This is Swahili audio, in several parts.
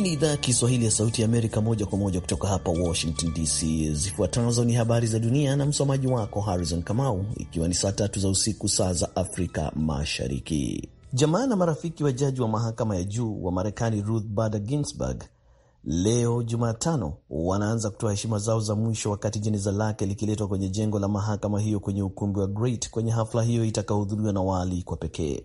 Hii ni idhaa ya Kiswahili ya Sauti ya Amerika, moja kwa moja kutoka hapa Washington DC. Zifuatazo ni habari za dunia na msomaji wako Harrison Kamau, ikiwa ni saa tatu za usiku saa za Afrika Mashariki. Jamaa na marafiki wa jaji wa mahakama ya juu wa Marekani Ruth Bader Ginsburg leo Jumatano wanaanza kutoa heshima zao za mwisho wakati jeneza lake likiletwa kwenye jengo la mahakama hiyo kwenye ukumbi wa Great kwenye hafla hiyo itakaohudhuriwa na waalikwa pekee.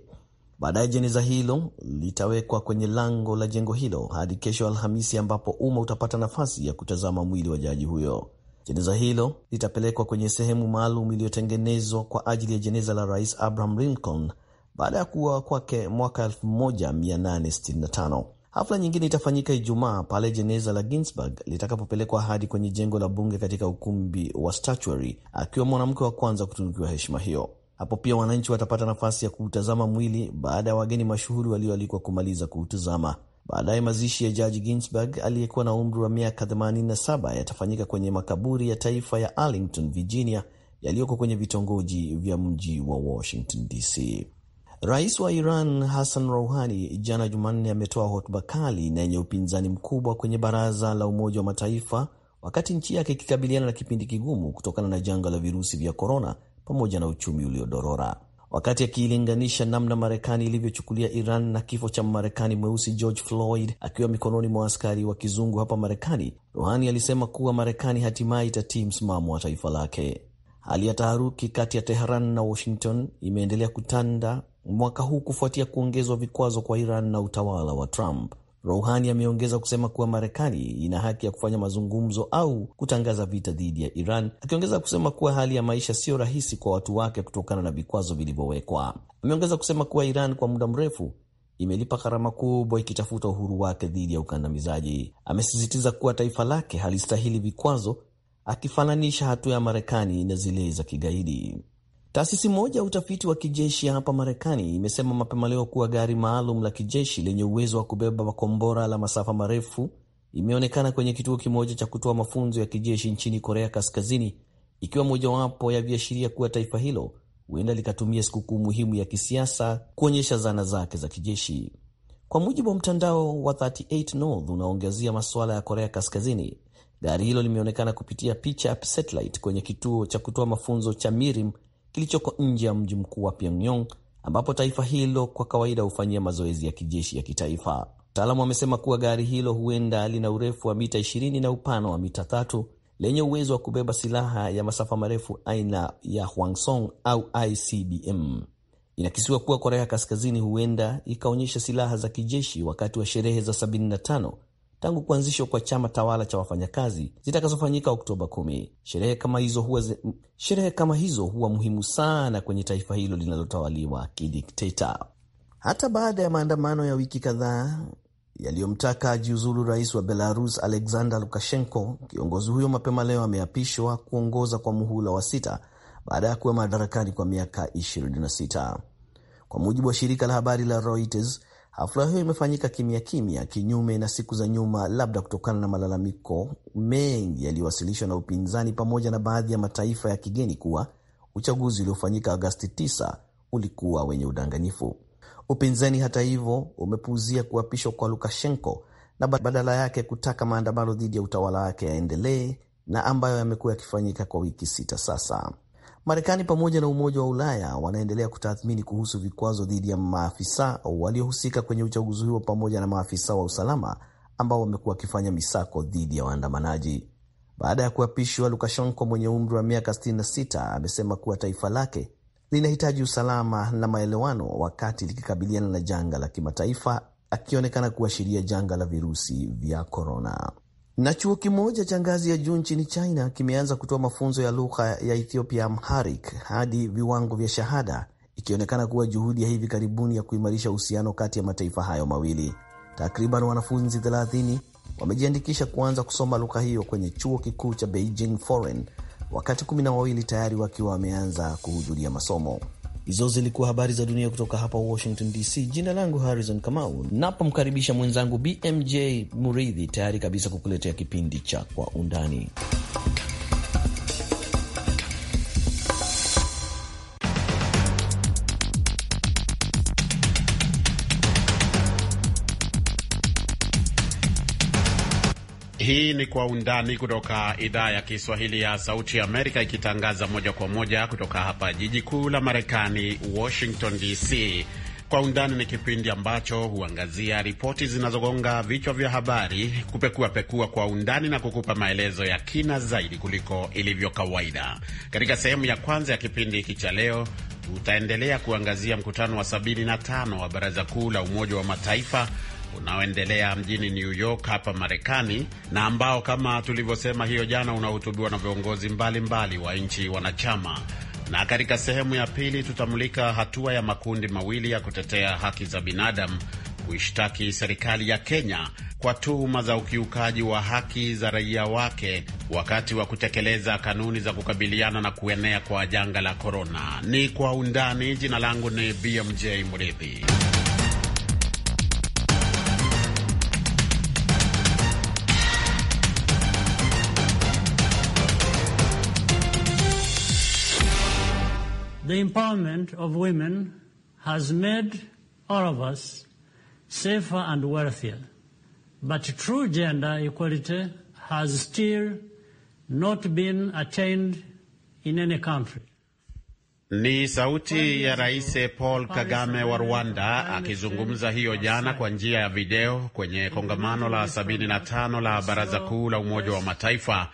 Baadaye jeneza hilo litawekwa kwenye lango la jengo hilo hadi kesho Alhamisi, ambapo umma utapata nafasi ya kutazama mwili wa jaji huyo. Jeneza hilo litapelekwa kwenye sehemu maalum iliyotengenezwa kwa ajili ya jeneza la Rais Abraham Lincoln baada ya kuuawa kwake mwaka 1865. Hafla nyingine itafanyika Ijumaa pale jeneza la Ginsburg litakapopelekwa hadi kwenye jengo la bunge katika ukumbi wa statuary, akiwa mwanamke wa kwanza kutunukiwa heshima hiyo. Hapo pia wananchi watapata nafasi ya kuutazama mwili baada ya wageni mashuhuri walioalikwa kumaliza kuutazama. Baadaye mazishi ya Jaji Ginsburg aliyekuwa na umri wa miaka 87 yatafanyika kwenye makaburi ya taifa ya Arlington, Virginia, yaliyoko kwenye vitongoji vya mji wa Washington DC. Rais wa Iran Hassan Rouhani jana Jumanne ametoa hotuba kali na yenye upinzani mkubwa kwenye Baraza la Umoja wa Mataifa wakati nchi yake ikikabiliana na kipindi kigumu kutokana na janga la virusi vya korona pamoja na uchumi uliodorora. Wakati akiilinganisha namna Marekani ilivyochukulia Iran na kifo cha marekani mweusi George Floyd akiwa mikononi mwa askari wa kizungu hapa Marekani, Rohani alisema kuwa Marekani hatimaye itatii msimamo wa taifa lake. Hali ya taharuki kati ya Teheran na Washington imeendelea kutanda mwaka huu kufuatia kuongezwa vikwazo kwa Iran na utawala wa Trump. Rouhani ameongeza kusema kuwa Marekani ina haki ya kufanya mazungumzo au kutangaza vita dhidi ya Iran, akiongeza kusema kuwa hali ya maisha siyo rahisi kwa watu wake kutokana na vikwazo vilivyowekwa. Ameongeza kusema kuwa Iran kwa muda mrefu imelipa gharama kubwa ikitafuta uhuru wake dhidi ya ukandamizaji. Amesisitiza kuwa taifa lake halistahili vikwazo, akifananisha hatua ya Marekani na zile za kigaidi. Taasisi moja ya utafiti wa kijeshi hapa Marekani imesema mapema leo kuwa gari maalum la kijeshi lenye uwezo wa kubeba makombora la masafa marefu imeonekana kwenye kituo kimoja cha kutoa mafunzo ya kijeshi nchini Korea Kaskazini, ikiwa mojawapo ya viashiria kuwa taifa hilo huenda likatumia sikukuu muhimu ya kisiasa kuonyesha zana zake za kijeshi. Kwa mujibu wa mtandao wa 38 North unaongezia masuala ya Korea Kaskazini, gari hilo limeonekana kupitia picha ya satellite kwenye kituo cha kutoa mafunzo cha Mirim kilichoko nje ya mji mkuu wa Pyongyang, ambapo taifa hilo kwa kawaida hufanyia mazoezi ya kijeshi ya kitaifa. Wataalamu wamesema kuwa gari hilo huenda lina urefu wa mita 20 na upana wa mita tatu lenye uwezo wa kubeba silaha ya masafa marefu aina ya Hwangsong au ICBM. Inakisiwa kuwa Korea Kaskazini huenda ikaonyesha silaha za kijeshi wakati wa sherehe za 75 tangu kuanzishwa kwa chama tawala cha wafanyakazi zitakazofanyika Oktoba 10. Sherehe kama hizo huwa ze... sherehe kama hizo huwa muhimu sana kwenye taifa hilo linalotawaliwa kidikteta. Hata baada ya maandamano ya wiki kadhaa yaliyomtaka ajiuzulu rais wa Belarus Alexander Lukashenko, kiongozi huyo mapema leo ameapishwa kuongoza kwa muhula wa sita baada ya kuwa madarakani kwa miaka 26 kwa mujibu wa shirika la habari la Reuters. Hafla hiyo imefanyika kimya kimya, kinyume na siku za nyuma, labda kutokana na malalamiko mengi yaliyowasilishwa na upinzani pamoja na baadhi ya mataifa ya kigeni kuwa uchaguzi uliofanyika Agasti 9 ulikuwa wenye udanganyifu. Upinzani hata hivyo umepuuzia kuapishwa kwa Lukashenko na badala yake kutaka maandamano dhidi ya utawala wake yaendelee na ambayo yamekuwa yakifanyika kwa wiki sita sasa. Marekani pamoja na Umoja wa Ulaya wanaendelea kutathmini kuhusu vikwazo dhidi ya maafisa waliohusika kwenye uchaguzi huo pamoja na maafisa wa usalama ambao wamekuwa wakifanya misako dhidi ya waandamanaji. Baada ya kuapishwa, Lukashenko mwenye umri wa miaka 66 amesema kuwa taifa lake linahitaji usalama na maelewano wakati likikabiliana na janga la kimataifa, akionekana kuashiria janga la virusi vya korona. Na chuo kimoja cha ngazi ya juu nchini China kimeanza kutoa mafunzo ya lugha ya Ethiopia Amharic hadi viwango vya shahada, ikionekana kuwa juhudi ya hivi karibuni ya kuimarisha uhusiano kati ya mataifa hayo mawili. Takriban wanafunzi 30 wamejiandikisha kuanza kusoma lugha hiyo kwenye chuo kikuu cha Beijing Foreign, wakati kumi na wawili tayari wakiwa wameanza kuhudhuria masomo. Hizo zilikuwa habari za dunia kutoka hapa Washington DC. Jina langu Harrison Kamau, napomkaribisha mwenzangu BMJ Muridhi, tayari kabisa kukuletea kipindi cha Kwa Undani. Hii ni Kwa Undani kutoka idhaa ya Kiswahili ya Sauti ya Amerika, ikitangaza moja kwa moja kutoka hapa jiji kuu la Marekani, Washington DC. Kwa Undani ni kipindi ambacho huangazia ripoti zinazogonga vichwa vya habari, kupekua pekua kwa undani na kukupa maelezo ya kina zaidi kuliko ilivyo kawaida. Katika sehemu ya kwanza ya kipindi hiki cha leo, tutaendelea kuangazia mkutano wa 75 wa Baraza Kuu la Umoja wa Mataifa unaoendelea mjini New York hapa Marekani, na ambao kama tulivyosema hiyo jana unahutubiwa na viongozi mbalimbali wa nchi wanachama. Na katika sehemu ya pili tutamulika hatua ya makundi mawili ya kutetea haki za binadamu kuishtaki serikali ya Kenya kwa tuhuma za ukiukaji wa haki za raia wake wakati wa kutekeleza kanuni za kukabiliana na kuenea kwa janga la korona. Ni kwa undani. Jina langu ni BMJ Mridhi. the empowerment of women has made all of us safer and wealthier. But true gender equality has still not been attained in any country. Ni sauti ya Rais Paul Kagame wa Rwanda akizungumza hiyo jana kwa njia ya video kwenye kongamano la 75 la Baraza Kuu la Umoja wa Mataifa,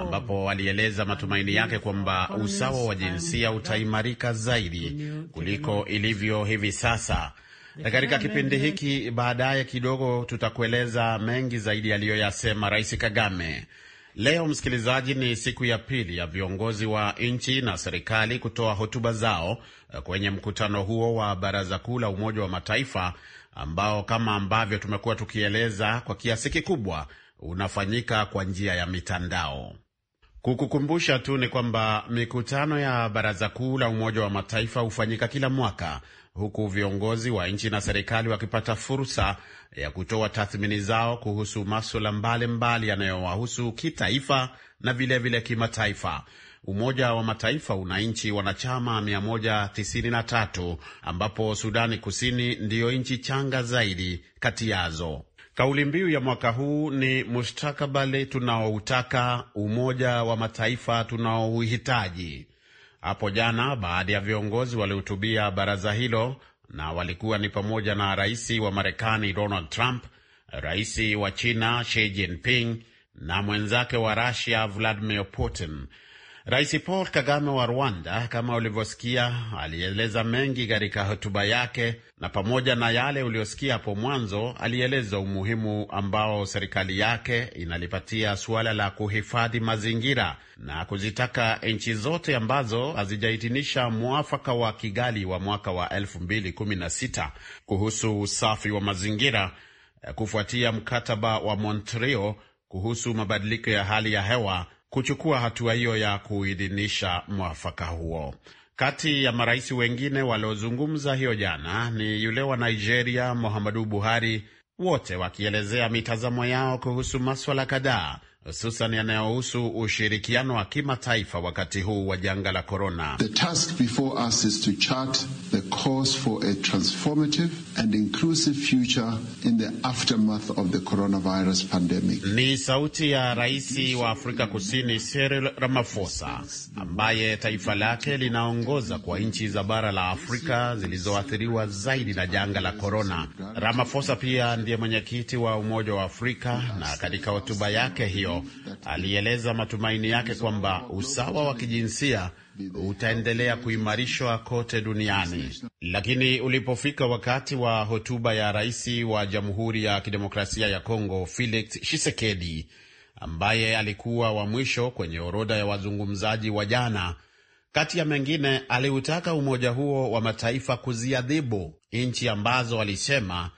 ambapo alieleza matumaini yake kwamba usawa wa jinsia utaimarika zaidi kuliko ilivyo hivi sasa. Katika kipindi hiki baadaye kidogo, tutakueleza mengi zaidi aliyoyasema Rais Kagame. Leo msikilizaji, ni siku ya pili ya viongozi wa nchi na serikali kutoa hotuba zao eh, kwenye mkutano huo wa Baraza Kuu la Umoja wa Mataifa ambao kama ambavyo tumekuwa tukieleza kwa kiasi kikubwa unafanyika kwa njia ya mitandao. Kukukumbusha tu ni kwamba mikutano ya Baraza Kuu la Umoja wa Mataifa hufanyika kila mwaka huku viongozi wa nchi na serikali wakipata fursa ya kutoa tathmini zao kuhusu maswala mbalimbali yanayowahusu kitaifa na vilevile kimataifa. Umoja wa Mataifa una nchi wanachama 193 ambapo Sudani Kusini ndiyo nchi changa zaidi kati yazo. Kauli mbiu ya mwaka huu ni mustakabali tunaoutaka, Umoja wa Mataifa tunaouhitaji. Hapo jana baadhi ya viongozi walihutubia baraza hilo na walikuwa ni pamoja na rais wa Marekani Donald Trump, rais wa China Xi Jinping na mwenzake wa Russia Vladimir Putin Rais Paul Kagame wa Rwanda, kama ulivyosikia, alieleza mengi katika hotuba yake, na pamoja na yale uliosikia hapo mwanzo, alieleza umuhimu ambao serikali yake inalipatia suala la kuhifadhi mazingira na kuzitaka nchi zote ambazo hazijahitinisha mwafaka wa Kigali wa mwaka wa 2016 kuhusu usafi wa mazingira kufuatia mkataba wa Montreal kuhusu mabadiliko ya hali ya hewa kuchukua hatua hiyo ya kuidhinisha mwafaka huo. Kati ya marais wengine waliozungumza hiyo jana ni yule wa Nigeria, Muhammadu Buhari, wote wakielezea mitazamo yao kuhusu maswala kadhaa hususan yanayohusu ushirikiano wa kimataifa wakati huu wa janga la korona. Ni sauti ya rais wa Afrika Kusini Cyril Ramaphosa, ambaye taifa lake linaongoza kwa nchi za bara la Afrika zilizoathiriwa zaidi na janga la korona. Ramaphosa pia ndiye mwenyekiti wa Umoja wa Afrika, na katika hotuba yake hiyo alieleza matumaini yake kwamba usawa wa kijinsia utaendelea kuimarishwa kote duniani. Lakini ulipofika wakati wa hotuba ya rais wa Jamhuri ya Kidemokrasia ya Kongo Felix Tshisekedi, ambaye alikuwa wa mwisho kwenye orodha ya wazungumzaji wa jana, kati ya mengine aliutaka umoja huo wa mataifa kuziadhibu nchi ambazo alisema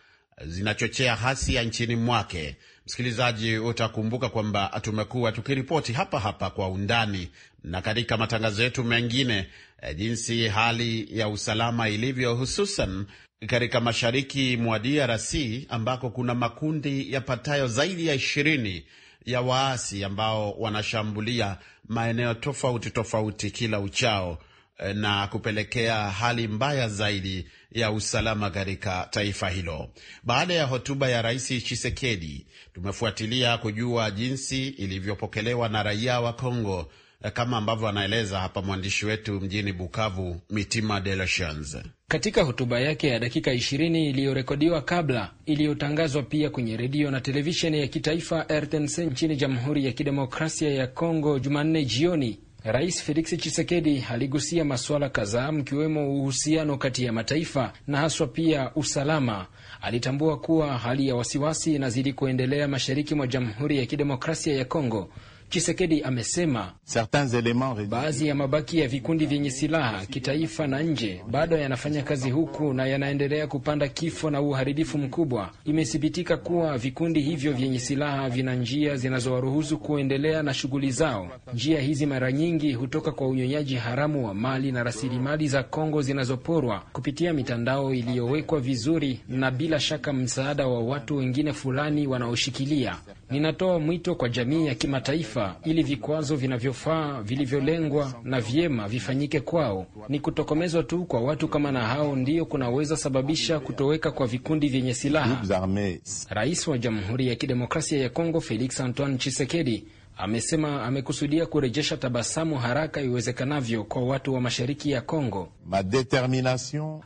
zinachochea hasia nchini mwake Msikilizaji, utakumbuka kwamba tumekuwa tukiripoti hapa hapa kwa undani na katika matangazo yetu mengine eh, jinsi hali ya usalama ilivyo, hususan katika mashariki mwa DRC ambako kuna makundi yapatayo zaidi ya ishirini ya waasi ambao wanashambulia maeneo tofauti tofauti kila uchao Eh, na kupelekea hali mbaya zaidi ya usalama katika taifa hilo. Baada ya hotuba ya Rais Chisekedi, tumefuatilia kujua jinsi ilivyopokelewa na raia wa Kongo, eh, kama ambavyo anaeleza hapa mwandishi wetu mjini Bukavu, Mitima de Katika hotuba yake ya dakika 20 iliyorekodiwa kabla, iliyotangazwa pia kwenye redio na televisheni ya kitaifa RTNC nchini Jamhuri ya Kidemokrasia ya Kongo Jumanne jioni Rais Felix Tshisekedi aligusia masuala kadhaa mkiwemo uhusiano kati ya mataifa na haswa pia usalama. Alitambua kuwa hali ya wasiwasi inazidi kuendelea mashariki mwa Jamhuri ya Kidemokrasia ya Kongo Chisekedi amesema baadhi ya mabaki ya vikundi vyenye silaha kitaifa na nje bado yanafanya kazi huku na yanaendelea kupanda kifo na uharibifu mkubwa. Imethibitika kuwa vikundi hivyo vyenye silaha vina njia zinazowaruhusu kuendelea na shughuli zao. Njia hizi mara nyingi hutoka kwa unyonyaji haramu wa mali na rasilimali za Kongo zinazoporwa kupitia mitandao iliyowekwa vizuri na bila shaka msaada wa watu wengine fulani wanaoshikilia. Ninatoa mwito kwa jamii ya kimataifa ili vikwazo vinavyofaa vilivyolengwa na vyema vifanyike kwao. Ni kutokomezwa tu kwa watu kama na hao ndiyo kunaweza sababisha kutoweka kwa vikundi vyenye silaha. Rais wa Jamhuri ya Kidemokrasia ya Kongo Felix Antoine chisekedi amesema amekusudia kurejesha tabasamu haraka iwezekanavyo kwa watu wa mashariki ya Kongo.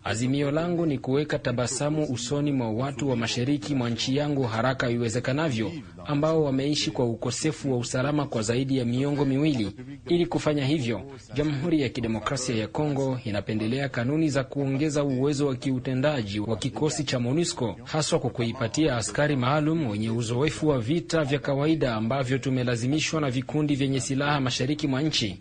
Azimio langu ni kuweka tabasamu usoni mwa watu wa mashariki mwa nchi yangu haraka iwezekanavyo, ambao wameishi kwa ukosefu wa usalama kwa zaidi ya miongo miwili. Ili kufanya hivyo, Jamhuri ya Kidemokrasia ya Kongo inapendelea kanuni za kuongeza uwezo wa kiutendaji wa kikosi cha MONUSCO, haswa kwa kuipatia askari maalum wenye uzoefu wa vita vya kawaida ambavyo tumelazimisha kuunganishwa na vikundi vyenye silaha mashariki mwa nchi.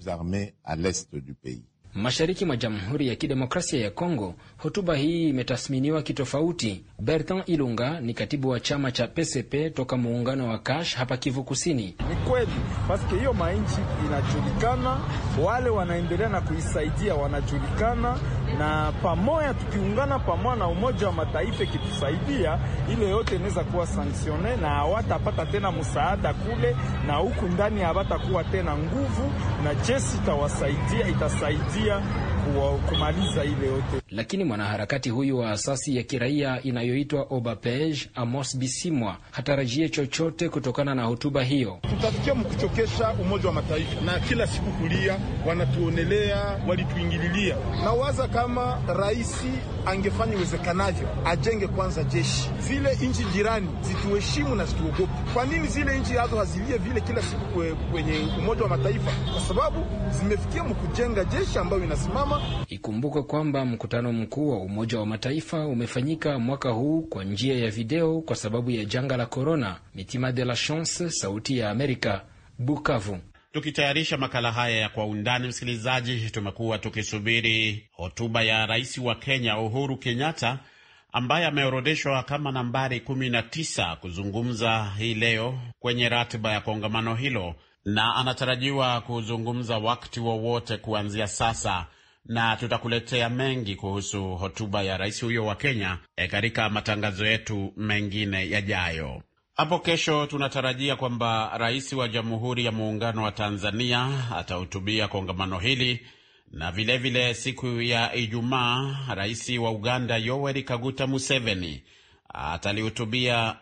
Mashariki mwa Jamhuri ya Kidemokrasia ya Kongo, hotuba hii imetathminiwa kitofauti. Bertrand Ilunga ni katibu wa chama cha PCP toka muungano wa Kash hapa Kivu Kusini. Ni kweli paske hiyo mainchi inajulikana, wale wanaendelea na kuisaidia wanajulikana na pamoja, tukiungana pamoja na Umoja wa Mataifa ikitusaidia, ile yote inaweza kuwa sanksione na hawatapata tena msaada kule, na huku ndani hawatakuwa tena nguvu, na jeshi itawasaidia, itasaidia kumaliza ile yote. Lakini mwanaharakati huyu wa asasi ya kiraia inayoitwa Obapej, Amos Bisimwa, hatarajie chochote kutokana na hotuba hiyo. Tutafikia mkuchokesha Umoja wa Mataifa na kila siku kulia wanatuonelea, walituingililia. Nawaza kama raisi angefanya iwezekanavyo ajenge kwanza jeshi, zile nchi jirani zituheshimu na zituogope. Kwa nini zile nchi hazo hazilie vile kila siku kwenye Umoja wa Mataifa? Kwa sababu zimefikia mkujenga jeshi ambayo inasimama usalama. Ikumbuka kwamba mkutano mkuu wa Umoja wa Mataifa umefanyika mwaka huu kwa njia ya video kwa sababu ya janga la korona. Mitima de la Chance, Sauti ya Amerika, Bukavu. Tukitayarisha makala haya ya kwa undani, msikilizaji, tumekuwa tukisubiri hotuba ya rais wa Kenya Uhuru Kenyatta ambaye ameorodheshwa kama nambari 19 kuzungumza hii leo kwenye ratiba ya kongamano hilo na anatarajiwa kuzungumza wakati wowote wa kuanzia sasa na tutakuletea mengi kuhusu hotuba ya rais huyo wa Kenya e, katika matangazo yetu mengine yajayo. Hapo kesho tunatarajia kwamba rais wa Jamhuri ya Muungano wa Tanzania atahutubia kongamano hili na vilevile vile siku ya Ijumaa rais wa Uganda Yoweri Kaguta Museveni atalihutubia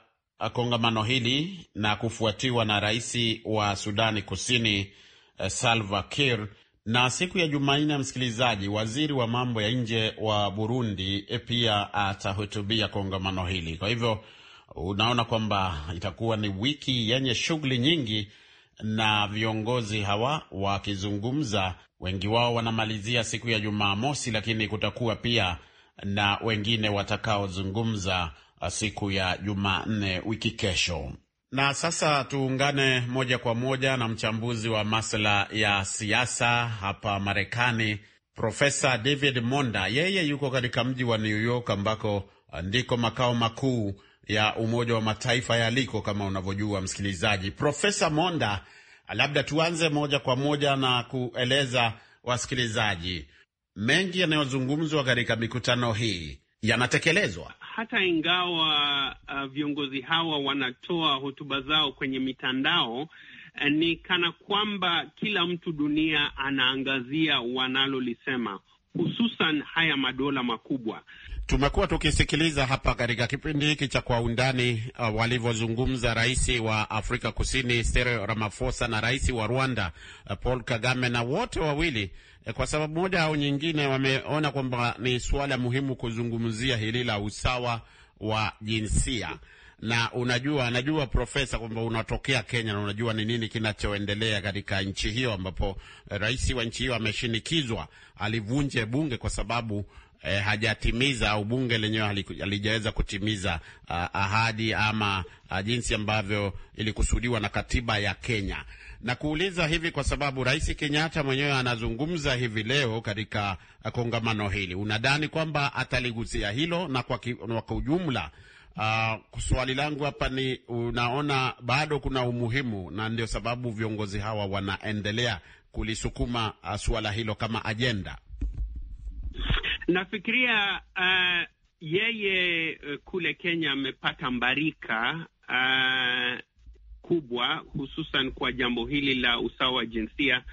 kongamano hili na kufuatiwa na rais wa Sudani Kusini eh, Salva Kiir na siku ya Jumanne, msikilizaji, waziri wa mambo ya nje wa Burundi eh, pia atahutubia kongamano hili. Kwa hivyo unaona kwamba itakuwa ni wiki yenye shughuli nyingi, na viongozi hawa wakizungumza, wengi wao wanamalizia siku ya Jumamosi, lakini kutakuwa pia na wengine watakaozungumza ah, siku ya Jumanne wiki kesho. Na sasa tuungane moja kwa moja na mchambuzi wa masuala ya siasa hapa Marekani, Profesa David Monda. Yeye yuko katika mji wa New York ambako ndiko makao makuu ya Umoja wa Mataifa yaliko kama unavyojua msikilizaji. Profesa Monda, labda tuanze moja kwa moja na kueleza wasikilizaji mengi yanayozungumzwa katika mikutano hii yanatekelezwa hata ingawa uh, viongozi hawa wanatoa hotuba zao kwenye mitandao uh, ni kana kwamba kila mtu dunia anaangazia wanalolisema, hususan haya madola makubwa. Tumekuwa tukisikiliza hapa katika kipindi hiki cha Kwa Undani uh, walivyozungumza rais wa Afrika Kusini Cyril Ramaphosa na rais wa Rwanda uh, Paul Kagame, na wote wawili eh, kwa sababu moja au nyingine wameona kwamba ni suala muhimu kuzungumzia hili la usawa wa jinsia na unajua, anajua profesa kwamba unatokea Kenya na unajua ni nini kinachoendelea katika nchi hiyo, ambapo eh, rais wa nchi hiyo ameshinikizwa alivunje bunge kwa sababu eh, hajatimiza au bunge lenyewe halijaweza kutimiza uh, ahadi ama uh, jinsi ambavyo ilikusudiwa na katiba ya Kenya. Na kuuliza hivi kwa sababu Rais Kenyatta mwenyewe anazungumza hivi leo katika ah, kongamano hili, unadhani kwamba ataligusia hilo? Na kwa, ki, kwa ujumla uh, swali langu hapa ni unaona bado kuna umuhimu na ndio sababu viongozi hawa wanaendelea kulisukuma uh, suala hilo kama ajenda? Nafikiria uh, yeye uh, kule Kenya amepata mbarika uh, kubwa hususan kwa jambo hili la usawa wa jinsia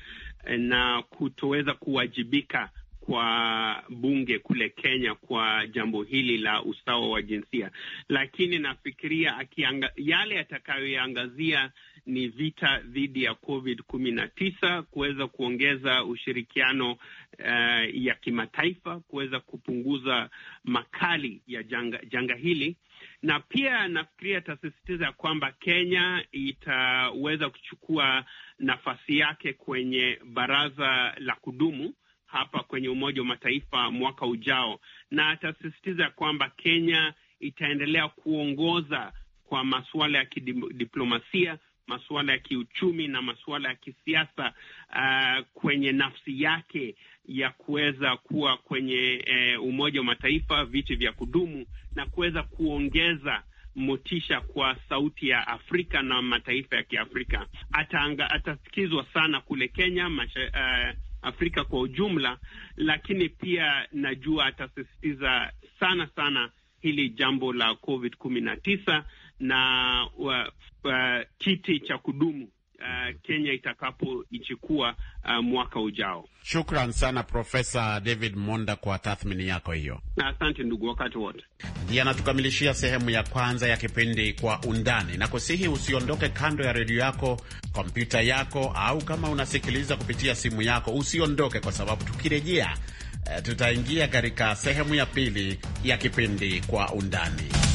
eh, na kutoweza kuwajibika kwa bunge kule Kenya kwa jambo hili la usawa wa jinsia, lakini nafikiria akianga, yale yatakayoyaangazia ni vita dhidi ya COVID kumi na tisa, kuweza kuongeza ushirikiano uh, ya kimataifa kuweza kupunguza makali ya janga, janga hili na pia nafikiria atasisitiza kwamba Kenya itaweza kuchukua nafasi yake kwenye baraza la kudumu hapa kwenye Umoja wa Mataifa mwaka ujao, na atasisitiza kwamba Kenya itaendelea kuongoza kwa masuala ya kidiplomasia masuala ya kiuchumi na masuala ya kisiasa uh, kwenye nafsi yake ya kuweza kuwa kwenye uh, Umoja wa Mataifa viti vya kudumu na kuweza kuongeza motisha kwa sauti ya Afrika na mataifa ya Kiafrika. Atanga, atasikizwa sana kule Kenya masha, uh, Afrika kwa ujumla, lakini pia najua atasisitiza sana sana hili jambo la COVID kumi na tisa na wa, wa, kiti cha kudumu Uh, Kenya itakapoichukua uh, mwaka ujao. Shukran sana Profesa David Monda kwa tathmini yako hiyo, asante ndugu, wakati wote. Ndiye anatukamilishia sehemu ya kwanza ya kipindi Kwa Undani, na kusihi usiondoke kando ya redio yako, kompyuta yako, au kama unasikiliza kupitia simu yako, usiondoke kwa sababu tukirejea, eh, tutaingia katika sehemu ya pili ya kipindi Kwa Undani.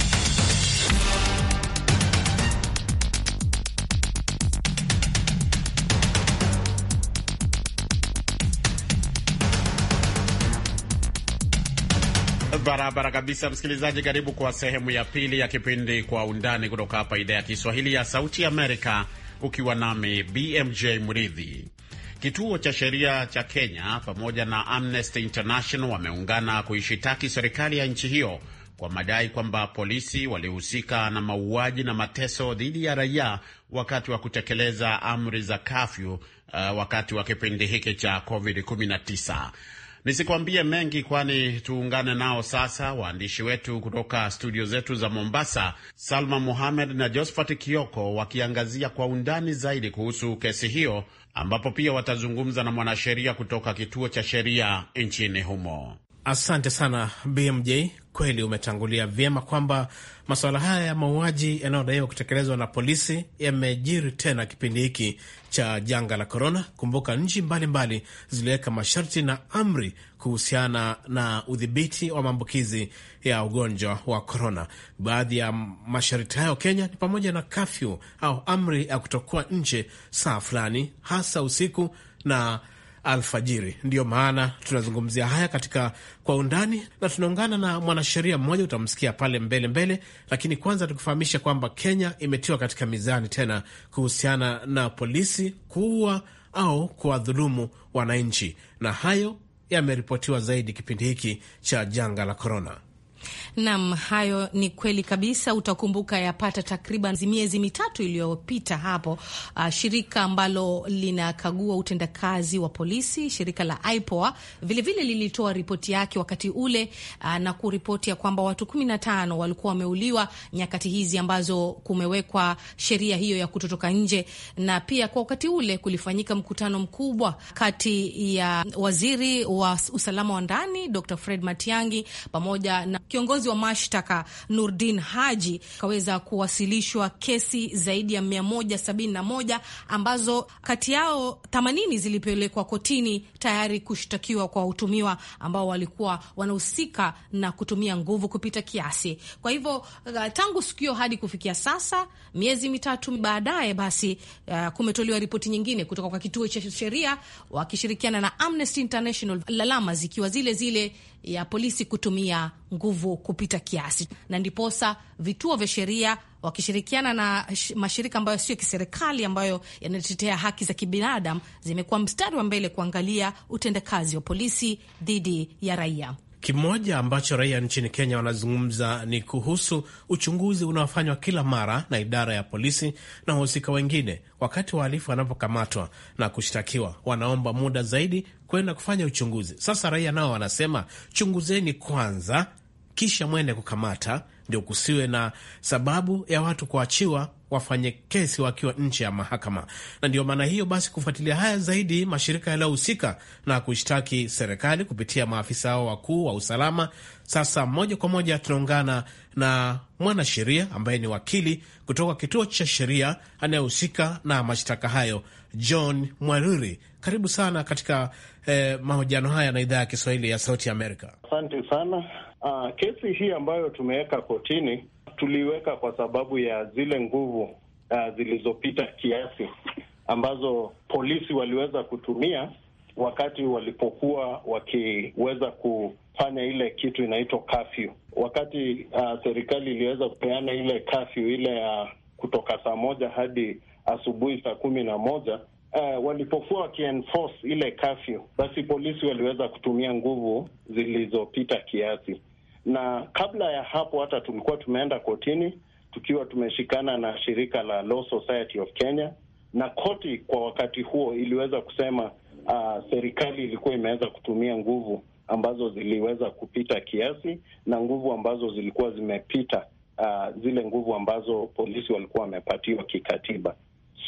Barabara kabisa, msikilizaji. Karibu kwa sehemu ya pili ya kipindi Kwa Undani kutoka hapa idhaa ya Kiswahili ya Sauti Amerika, ukiwa nami BMJ Mridhi. Kituo cha sheria cha Kenya pamoja na Amnesty International wameungana kuishitaki serikali ya nchi hiyo kwa madai kwamba polisi walihusika na mauaji na mateso dhidi ya raia wakati wa kutekeleza amri za kafyu, uh, wakati wa kipindi hiki cha COVID-19. Nisikwambie mengi, kwani tuungane nao sasa, waandishi wetu kutoka studio zetu za Mombasa, Salma muhamed na Josphat Kioko, wakiangazia kwa undani zaidi kuhusu kesi hiyo, ambapo pia watazungumza na mwanasheria kutoka kituo cha sheria nchini humo. Asante sana BMJ, kweli umetangulia vyema kwamba masuala haya ya mauaji yanayodaiwa kutekelezwa na polisi yamejiri tena kipindi hiki cha janga la korona. Kumbuka nchi mbalimbali ziliweka masharti na amri kuhusiana na udhibiti wa maambukizi ya ugonjwa wa korona. Baadhi ya masharti hayo Kenya ni pamoja na kafyu au amri ya kutokuwa nje saa fulani, hasa usiku na alfajiri. Ndiyo maana tunazungumzia haya katika kwa undani, na tunaungana na mwanasheria mmoja, utamsikia pale mbele mbele, lakini kwanza tukufahamisha kwamba Kenya imetiwa katika mizani tena kuhusiana na polisi kuua au kuwadhulumu wananchi, na hayo yameripotiwa zaidi kipindi hiki cha janga la korona. Nam, hayo ni kweli kabisa. Utakumbuka yapata takriban miezi mitatu iliyopita hapo, uh, shirika ambalo linakagua utendakazi wa polisi, shirika la IPOA vilevile lilitoa ripoti yake wakati ule, uh, na kuripoti ya kwamba watu kumi na tano walikuwa wameuliwa nyakati hizi ambazo kumewekwa sheria hiyo ya kutotoka nje, na pia kwa wakati ule kulifanyika mkutano mkubwa kati ya waziri wa usalama wa ndani Dr. Fred Matiangi pamoja na Kiongozi wa mashtaka Nurdin Haji kaweza kuwasilishwa kesi zaidi ya 171 ambazo kati yao 80 zilipelekwa kotini tayari kushtakiwa kwa utumiwa ambao walikuwa wanahusika na kutumia nguvu kupita kiasi. Kwa hivyo uh, tangu hiyo hadi kufikia sasa miezi mitatu baadaye, basi uh, kumetolewa ripoti nyingine kutoka kwa kituo cha sheria wakishirikiana na Amnesty International, lalama zikiwa zile zile ya polisi kutumia nguvu kupita kiasi, na ndiposa vituo vya sheria wakishirikiana na mashirika ambayo sio kiserikali ambayo yanatetea haki za kibinadamu zimekuwa mstari wa mbele kuangalia utendakazi wa polisi dhidi ya raia. Kimoja ambacho raia nchini Kenya wanazungumza ni kuhusu uchunguzi unaofanywa kila mara na idara ya polisi na wahusika wengine. Wakati wahalifu wanapokamatwa na kushtakiwa, wanaomba muda zaidi kwenda kufanya uchunguzi. Sasa raia nao wanasema chunguzeni kwanza, kisha mwende kukamata ndio kusiwe na sababu ya watu kuachiwa wafanye kesi wakiwa nje ya mahakama. Na ndio maana hiyo basi, kufuatilia haya zaidi, mashirika yanayohusika na kushtaki serikali kupitia maafisa hao wakuu wa usalama. Sasa moja kwa moja tunaungana na mwanasheria ambaye ni wakili kutoka kituo cha sheria anayehusika na mashtaka hayo, John Mwaruri. Karibu sana katika eh, mahojiano haya na idhaa ya Kiswahili ya Sauti Amerika. Asante sana. Uh, kesi hii ambayo tumeweka kotini tuliweka kwa sababu ya zile nguvu uh, zilizopita kiasi ambazo polisi waliweza kutumia wakati walipokuwa wakiweza kufanya ile kitu inaitwa kafyu, wakati uh, serikali iliweza kupeana ile kafyu ile ya uh, kutoka saa moja hadi asubuhi saa kumi na moja uh, walipokuwa wakienforce ile kafyu, basi polisi waliweza kutumia nguvu zilizopita kiasi, na kabla ya hapo hata tulikuwa tumeenda kotini tukiwa tumeshikana na shirika la Law Society of Kenya, na koti kwa wakati huo iliweza kusema uh, serikali ilikuwa imeweza kutumia nguvu ambazo ziliweza kupita kiasi na nguvu ambazo zilikuwa zimepita uh, zile nguvu ambazo polisi walikuwa wamepatiwa kikatiba.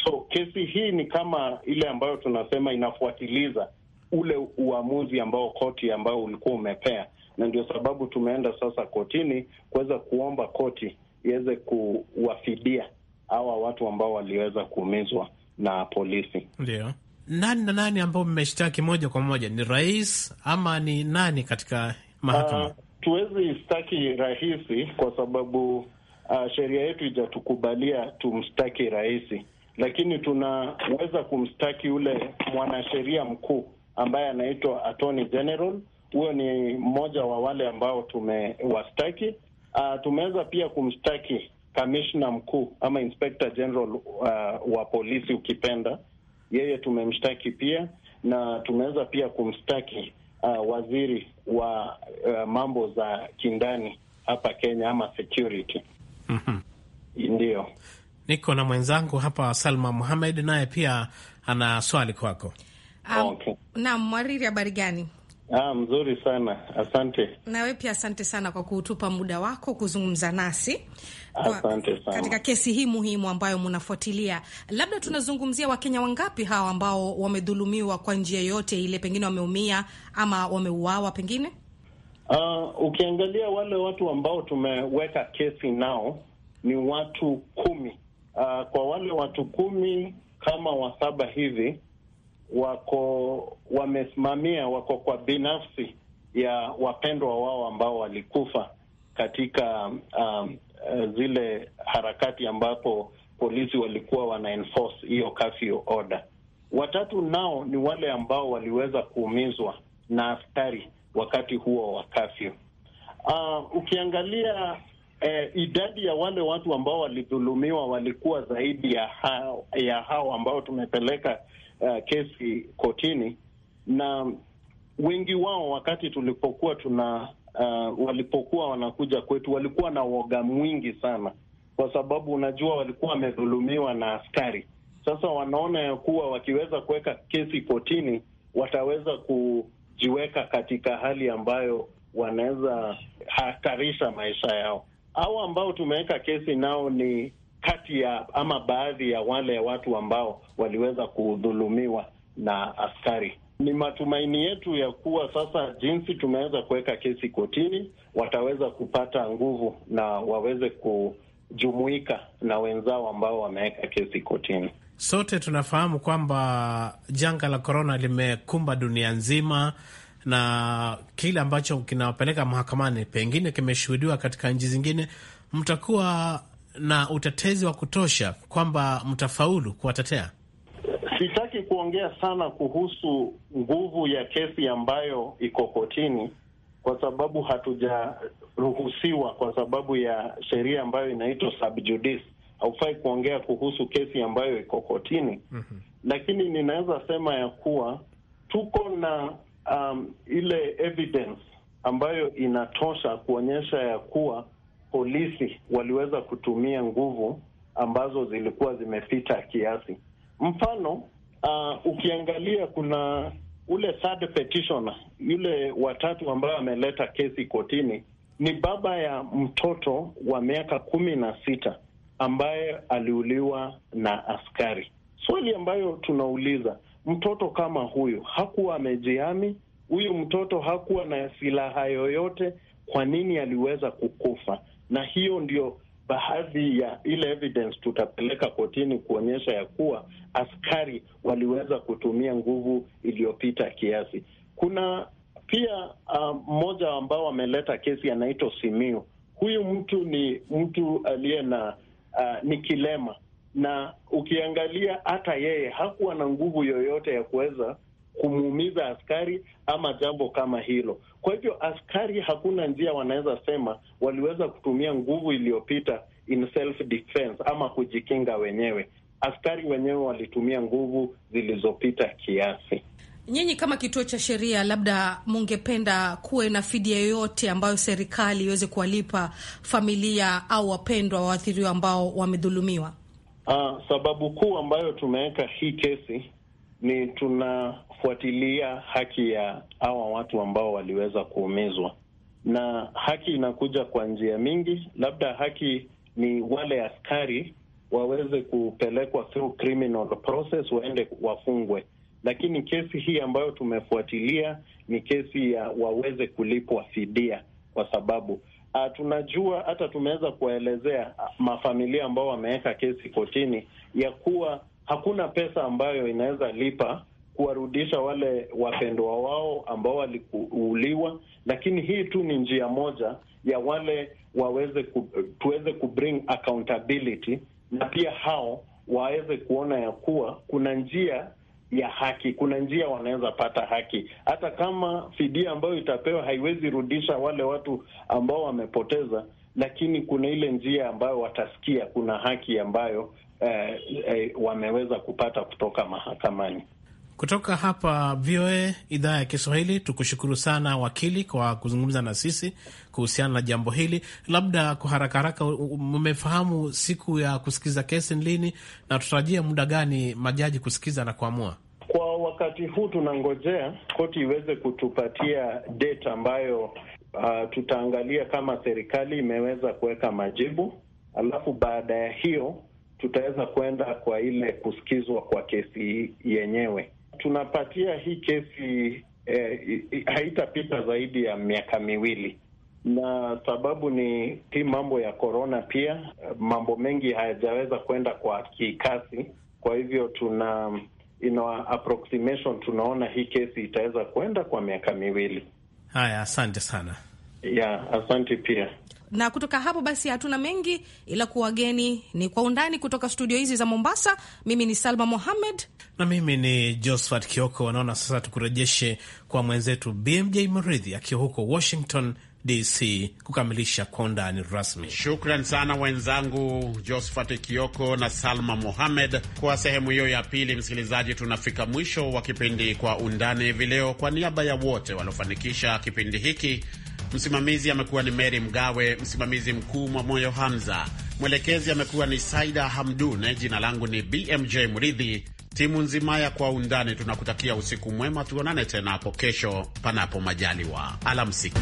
So kesi hii ni kama ile ambayo tunasema inafuatiliza ule uamuzi ambao koti ambao ulikuwa umepea, na ndio sababu tumeenda sasa kotini kuweza kuomba koti iweze kuwafidia hawa watu ambao waliweza kuumizwa na polisi. Ndio nani na nani ambao mmeshtaki moja kwa moja, ni rais ama ni nani katika mahakama? Uh, tuwezi staki rahisi kwa sababu uh, sheria yetu ijatukubalia tumstaki rahisi lakini tunaweza kumstaki yule mwanasheria mkuu ambaye anaitwa Attorney General. Huyo ni mmoja wa wale ambao tumewastaki. Uh, tumeweza pia kumstaki kamishna mkuu ama Inspector General uh, wa polisi ukipenda, yeye tumemshtaki pia, na tumeweza pia kumstaki uh, waziri wa uh, mambo za kindani hapa Kenya ama security. mm -hmm. Niko na mwenzangu hapa Salma Muhamed, naye pia ana swali kwako. Um, okay. Naam, Mwariri, habari gani? Ah, mzuri sana asante. Nawe pia asante sana kwa kutupa muda wako kuzungumza nasi asante sana. Katika kesi hii muhimu ambayo mnafuatilia, labda tunazungumzia Wakenya wangapi hawa ambao wamedhulumiwa kwa njia yote ile, pengine wameumia ama wameuawa pengine? Uh, ukiangalia wale watu ambao tumeweka kesi nao ni watu kumi uh, kwa wale watu kumi kama wasaba hivi wako wamesimamia, wako kwa binafsi ya wapendwa wao ambao walikufa katika um, uh, zile harakati ambapo polisi walikuwa wana enforce hiyo curfew order. Watatu nao ni wale ambao waliweza kuumizwa na askari wakati huo wa curfew. Uh, ukiangalia eh, idadi ya wale watu ambao walidhulumiwa walikuwa zaidi ya hao, ya hao ambao tumepeleka uh, kesi kotini, na wengi wao wakati tulipokuwa tuna uh, walipokuwa wanakuja kwetu walikuwa na woga mwingi sana, kwa sababu unajua walikuwa wamedhulumiwa na askari. Sasa wanaona ya kuwa wakiweza kuweka kesi kotini wataweza kujiweka katika hali ambayo wanaweza hatarisha maisha yao au ambao tumeweka kesi nao ni kati ya ama baadhi ya wale watu ambao waliweza kudhulumiwa na askari. Ni matumaini yetu ya kuwa sasa, jinsi tumeweza kuweka kesi kotini, wataweza kupata nguvu na waweze kujumuika na wenzao ambao wameweka kesi kotini. Sote tunafahamu kwamba janga la korona limekumba dunia nzima na kile ambacho kinawapeleka mahakamani pengine kimeshuhudiwa katika nchi zingine, mtakuwa na utetezi wa kutosha kwamba mtafaulu kuwatetea? Sitaki kuongea sana kuhusu nguvu ya kesi ambayo iko kotini, kwa sababu hatujaruhusiwa kwa sababu ya sheria ambayo inaitwa sub judice. Haufai kuongea kuhusu kesi ambayo iko kotini. mm -hmm. Lakini ninaweza sema ya kuwa tuko na um, ile evidence ambayo inatosha kuonyesha ya kuwa polisi waliweza kutumia nguvu ambazo zilikuwa zimepita kiasi. Mfano uh, ukiangalia kuna ule third petitioner, yule watatu ambayo ameleta kesi kotini, ni baba ya mtoto wa miaka kumi na sita ambaye aliuliwa na askari. Swali ambayo tunauliza mtoto kama huyu hakuwa amejihami, huyu mtoto hakuwa na silaha yoyote, kwa nini aliweza kukufa? Na hiyo ndio baadhi ya ile evidence tutapeleka kotini kuonyesha ya kuwa askari waliweza kutumia nguvu iliyopita kiasi. Kuna pia uh, mmoja ambao ameleta kesi anaitwa Simiu. Huyu mtu ni mtu aliye na uh, ni kilema na ukiangalia hata yeye hakuwa na nguvu yoyote ya kuweza kumuumiza askari ama jambo kama hilo. Kwa hivyo askari, hakuna njia wanaweza sema waliweza kutumia nguvu iliyopita in self defense ama kujikinga wenyewe. Askari wenyewe walitumia nguvu zilizopita kiasi. Nyinyi kama kituo cha sheria, labda mungependa kuwe na fidia yoyote ambayo serikali iweze kuwalipa familia au wapendwa waathiriwa ambao wamedhulumiwa? Uh, sababu kuu ambayo tumeweka hii kesi ni tunafuatilia haki ya hawa watu ambao waliweza kuumizwa, na haki inakuja kwa njia mingi. Labda haki ni wale askari waweze kupelekwa through criminal process, waende wafungwe, lakini kesi hii ambayo tumefuatilia ni kesi ya waweze kulipwa fidia, kwa sababu uh, tunajua hata tumeweza kuwaelezea ah, mafamilia ambao wameweka kesi kotini ya kuwa hakuna pesa ambayo inaweza lipa kuwarudisha wale wapendwa wao ambao walikuuliwa, lakini hii tu ni njia moja ya wale waweze ku, tuweze ku accountability na pia hao waweze kuona ya kuwa kuna njia ya haki. Kuna njia wanaweza pata haki, hata kama fidia ambayo itapewa haiwezi rudisha wale watu ambao wamepoteza, lakini kuna ile njia ambayo watasikia kuna haki ambayo eh, eh, wameweza kupata kutoka mahakamani. Kutoka hapa VOA idhaa ya Kiswahili, tukushukuru sana wakili kwa kuzungumza na sisi kuhusiana na jambo hili. Labda kwa haraka haraka, mmefahamu siku ya kusikiza kesi ni lini na tutarajia muda gani majaji kusikiza na kuamua? wakati huu tunangojea koti iweze kutupatia date ambayo uh, tutaangalia kama serikali imeweza kuweka majibu, alafu baada ya hiyo tutaweza kwenda kwa ile kusikizwa kwa kesi yenyewe. Tunapatia hii kesi eh, haitapita zaidi ya miaka miwili, na sababu ni hii mambo ya korona, pia mambo mengi hayajaweza kwenda kwa kikasi, kwa hivyo tuna in our approximation tunaona hii kesi itaweza kwenda kwa miaka miwili. Haya, asante sana. Ya, asante pia. Na kutoka hapo basi hatuna mengi ila kuwageni ni kwa undani kutoka studio hizi za Mombasa. Mimi ni Salma Mohamed na mimi ni Josephat Kioko. Wanaona sasa tukurejeshe kwa mwenzetu BMJ Mridhi akiwa huko Washington DC kukamilisha kwa undani rasmi. Shukran sana wenzangu Josphat Kioko na Salma Mohamed kwa sehemu hiyo ya pili. Msikilizaji, tunafika mwisho wa kipindi kwa undani hivi leo. Kwa niaba ya wote waliofanikisha kipindi hiki, msimamizi amekuwa ni Meri Mgawe, msimamizi mkuu Mwamoyo Hamza, mwelekezi amekuwa ni Saida Hamdune. Jina langu ni BMJ mridhi Timu nzima ya Kwa Undani tunakutakia usiku mwema, tuonane tena hapo kesho, panapo majaliwa. Alamsiki.